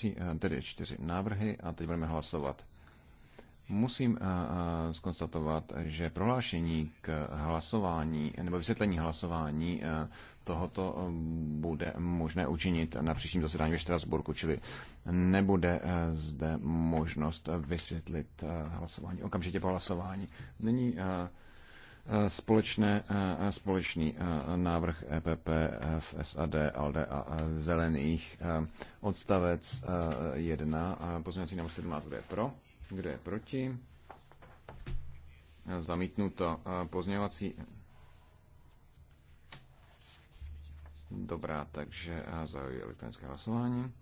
tři, eh, tedy čtyři návrhy a teď budeme hlasovat. Musím eh, eh, skonstatovat, že prohlášení k hlasování nebo vysvětlení hlasování tohoto bude možné učinit na příštím zasedání ve Štrasburku, čili nebude zde možnost vysvětlit hlasování okamžitě po hlasování. Nyní Eh, společné, eh, společný eh, návrh EPP v SAD, ALDE a Zelených. Odstavec 1, pozměňovací návrh 17, kdo je pro, kdo je proti. Zamítnuto pozměňovací Dobrá, takže zahajuji elektronické hlasování.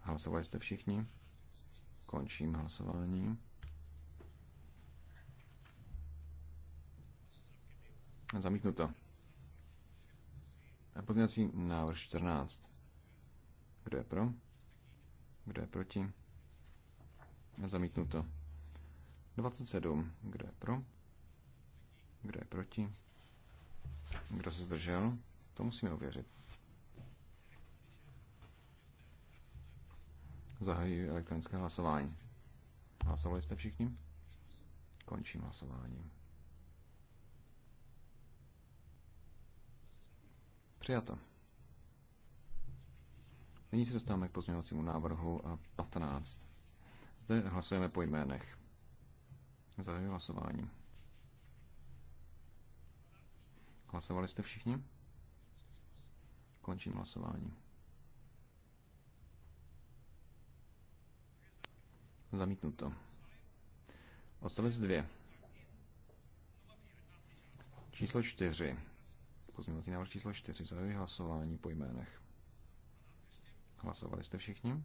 Hlasovali jste všichni? Končím hlasování. Zamítnuto. A pozměňovací návrh 14. Kdo je pro? Kdo je proti? Zamítnuto. 27. Kdo je pro? Kdo je proti? Kdo se zdržel? To musíme ověřit. Zahajuji elektronické hlasování. Hlasovali jste všichni? Končím hlasování. Přijato. Nyní se dostáváme k pozměňovacímu návrhu 15. Eh, Zde hlasujeme po jménech. Zahajuji hlasování. Hlasovali jste všichni? Končím hlasování. Zamítnuto. Odstavec 2. Číslo 4. Pozměňovací návrh číslo 4. Zahajuji hlasování po jménech. Hlasovali jste všichni?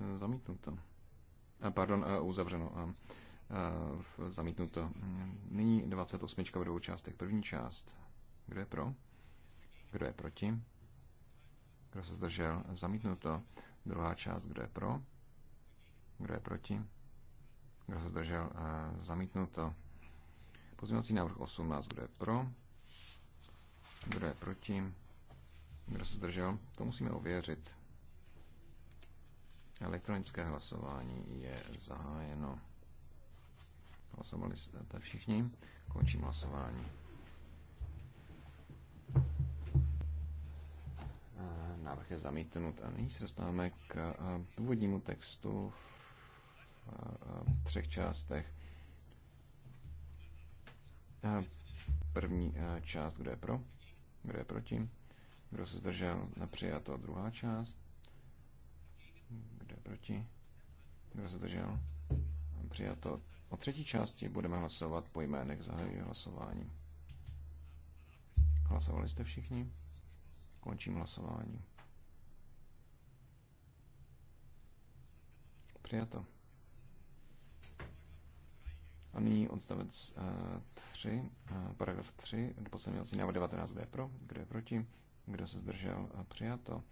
E, zamítnuto. A, e, pardon, e, uzavřeno. A, zamítnuto. Nyní 28. v dvou částech. První část. Kdo je pro? Kdo je proti? Kdo se zdržel? Zamítnuto. Druhá část. Kdo je pro? Kdo je proti? Kdo se zdržel? Zamítnuto. Pozměňovací návrh 18, kdo je pro? Kdo je proti? Kdo se zdržel? To musíme ověřit. Elektronické hlasování je zahájeno. Hlasovali jste všichni. Končím hlasování. Návrh je zamítnut a nyní se dostáváme k původnímu textu v třech částech. První část, kdo je pro, kdo je proti, kdo se zdržel, přijato. Druhá část, kdo je proti, kdo se zdržel, přijato. O třetí části budeme hlasovat po jménech, zahajuji hlasování. Hlasovali jste všichni? Končím hlasování. Přijato. A nyní odstavec 3, eh, eh, paragraf 3, poslední návod 19, kdo je pro, kdo je proti, kdo se zdržel, a eh, přijato.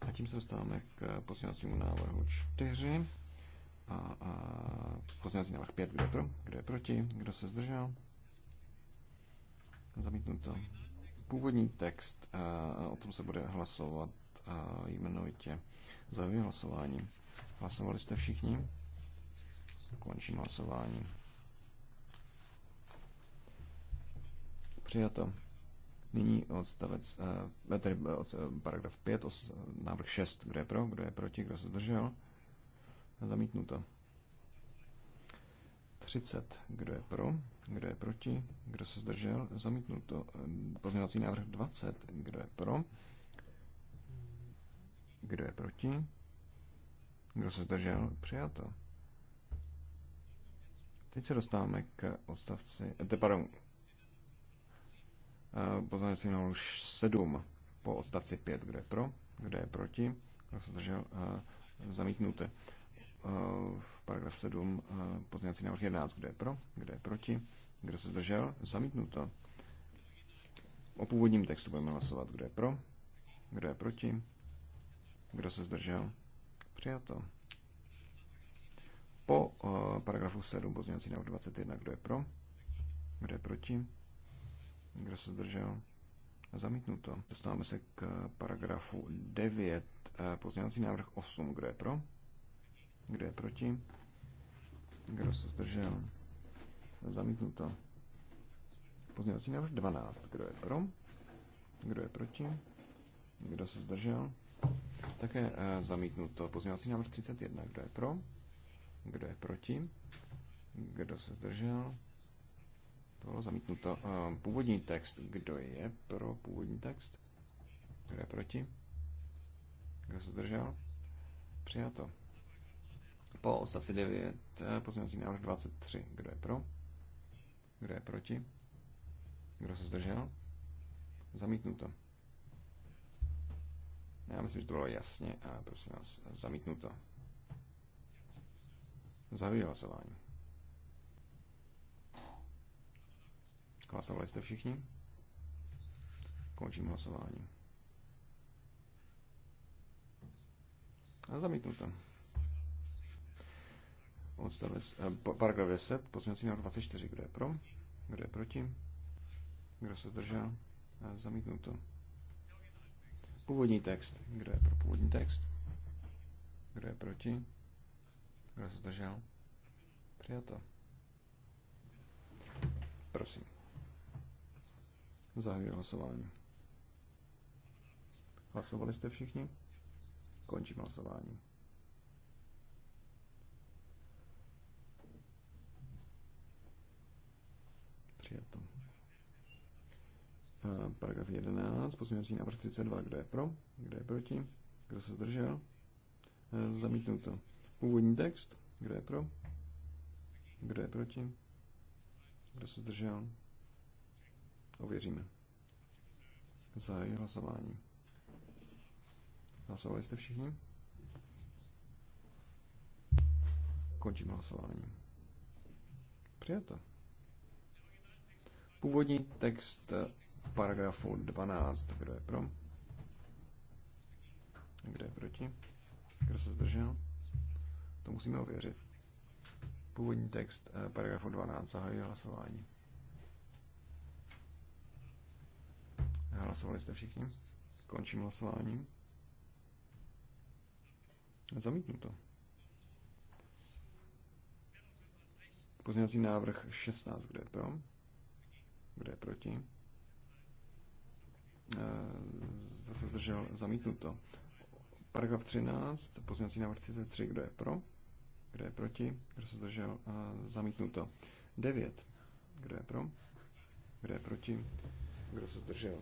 A tím se dostáváme k pozměňovacímu návrhu 4 a, a pozměňovací návrh 5, kdo je pro, kdo je proti, kdo se zdržel. Zamítnuto. Původní text, a, o tom se bude hlasovat a jmenovitě. Zahajuji hlasování. Hlasovali jste všichni? Končím hlasování. Přijato. Nyní odstavec, eh, eh tedy eh, od, eh, paragraf 5, os, návrh 6. Kdo je pro, kdo je proti, kdo se zdržel? Zamítnuto. 30. Kdo je pro? Kdo je proti? Kdo se zdržel? Zamítnuto. Pozměňovací návrh 20. Kdo je pro? Kdo je proti? Kdo se zdržel? Přijato. Teď se dostáváme k odstavci, eh, te, pardon, eh, poznanecí na 7 po odstavci 5. Kdo je pro? Kdo je proti? Kdo se zdržel? Eh, zamítnuté. V paragraf 7 pozměňovací návrh 11. Kdo je pro? Kdo je proti? Kdo se zdržel? Zamítnuto. O původním textu budeme hlasovat. Kdo je pro? Kdo je proti? Kdo se zdržel? Přijato. Po uh, paragrafu 7 pozměňovací návrh 21. Kdo je pro? Kdo je proti? Kdo se zdržel? Zamítnuto. Dostáváme se k paragrafu 9. uh, eh, Pozměňovací návrh 8. Kdo je pro? Kdo je proti? Kdo se zdržel? Zamítnuto. Pozměňovací návrh 12. Kdo je pro? Kdo je proti? Kdo se zdržel? Také eh, zamítnuto. Pozměňovací návrh 31. Kdo je pro? Kdo je proti? Kdo se zdržel? To bylo zamítnuto. Eh, původní text. Kdo je pro původní text? Kdo je proti? Kdo se zdržel? Přijato. Po odstavci 9 eh, pozměňovací návrh 23. Kdo je pro? Kdo je proti? Kdo se zdržel? Zamítnuto. Já myslím, že to bylo jasně a prosím vás, zamítnuto. Zahajuji hlasování. Hlasovali jste všichni? Končím hlasování. A zamítnuto. Odstavec, eh, paragraf 10, pozměňovací návrh 24. Kdo je pro? Kdo je proti? Kdo se zdržel? A eh, zamítnuto. Původní text. Kdo je pro původní text? Kdo je proti? Kdo se zdržel? Přijato. Prosím. Zahajuji hlasování. Hlasovali jste všichni? Končím hlasování. Eh, paragraf 11, pozměňovací návrh 32, kdo je pro, kdo je proti, kdo se zdržel, eh, zamítnuto. Původní text, kdo je pro, kdo je proti, kdo se zdržel, ověříme. Zahajuji hlasování. Hlasovali jste všichni? Končím hlasování. Přijato. Původní text paragrafu 12. Kdo je pro? Kdo je proti? Kdo se zdržel? To musíme ověřit. Původní text eh, paragrafu 12 zahajuje hlasování. Hlasovali jste všichni? Končím hlasování. to. Pozměňovací návrh 16. Kdo je pro? Kdo je proti? Eh, zase se zdržel? Zamítnuto. Paragraf 13, pozměňovací návrh 33, kdo je pro? Kdo je proti? Kdo se zdržel? Eh, zamítnuto. 9. Kdo je pro? Kdo je proti? Kdo se zdržel?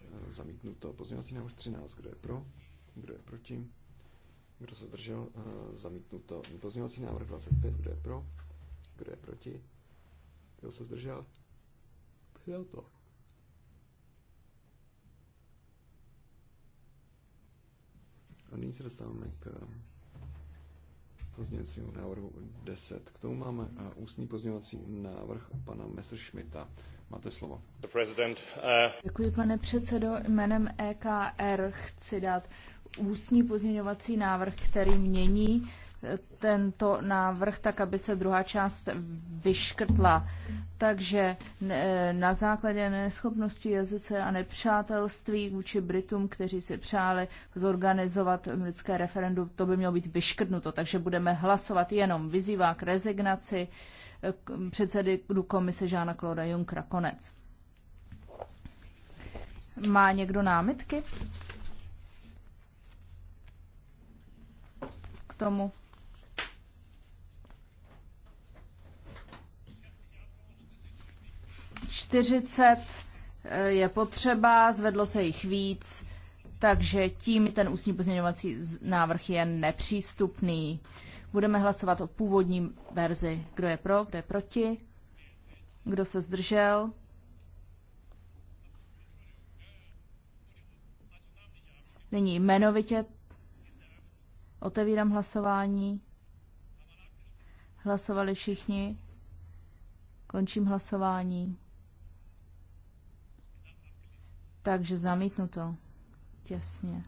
Eh, zamítnuto. Pozměňovací návrh 13. Kdo je pro? Kdo je proti? Kdo se zdržel? Zamítnuto. Pozměňovací návrh 25. Kdo je pro? Kdo je proti? Kdo se zdržel? Přijal to. nyní se dostáváme k pozměňovacímu návrhu 10. K tomu máme eh, ústní pozměňovací návrh pana Messerschmitta. Máte slovo. Eh, Děkuji, pane předsedo. Jménem EKR chci dát ústní pozměňovací návrh, který mění tento návrh tak, aby se druhá část vyškrtla. Takže na základě neschopnosti jazyce a nepřátelství vůči Britům, kteří si přáli zorganizovat britské referendum, to by mělo být vyškrtnuto. Takže budeme hlasovat jenom vyzývá k rezignaci předsedy komise Žána Klauda Junkra. Konec. Má někdo námitky? K tomu 40 eh, je potřeba, zvedlo se jich víc, takže tím ten ústní pozměňovací návrh je nepřístupný. Budeme hlasovat o původní verzi. Kdo je pro, kdo je proti, kdo se zdržel. Nyní jmenovitě otevírám hlasování. Hlasovali všichni. Končím hlasování. Takže zamítnu to. Těsně.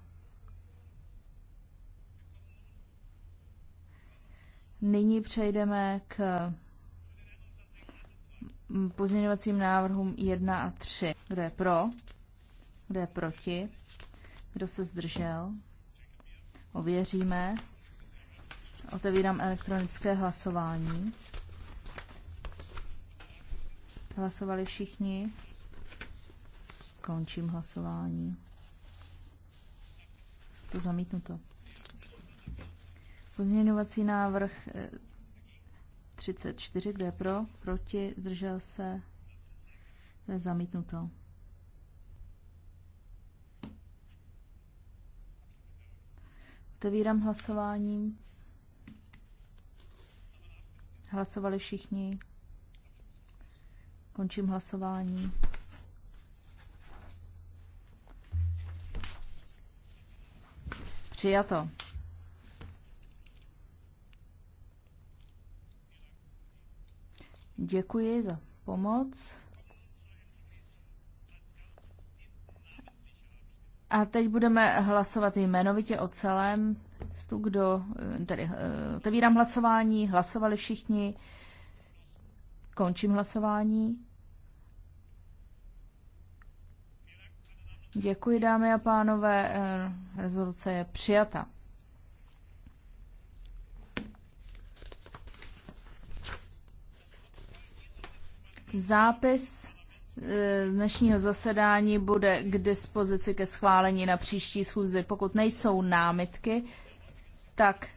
Nyní přejdeme k pozměňovacím návrhům 1 a 3. Kdo je pro? Kdo je proti? Kdo se zdržel? Ověříme. Otevírám elektronické hlasování. Hlasovali všichni. Končím hlasování. To zamítnuto. Pozměňovací návrh 34, eh, kde je pro, proti, zdržel se, to je zamítnuto. Otevírám hlasováním. Hlasovali všichni. Končím hlasování. Přijato. Děkuji za pomoc. A teď budeme hlasovat jmenovitě o celém Stu kdo, eh, tedy eh, otevírám hlasování, hlasovali všichni, končím hlasování. Děkuji, dámy a pánové. Eh, rezoluce je přijata. Zápis eh, dnešního zasedání bude k dispozici ke schválení na příští schůzi. Pokud nejsou námitky, tak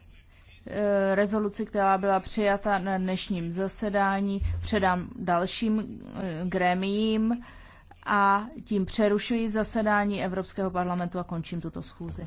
eh, rezoluci, která byla přijata na dnešním zasedání, předám dalším gremiím a tím přerušuji zasedání Evropského parlamentu a končím tuto schůzi.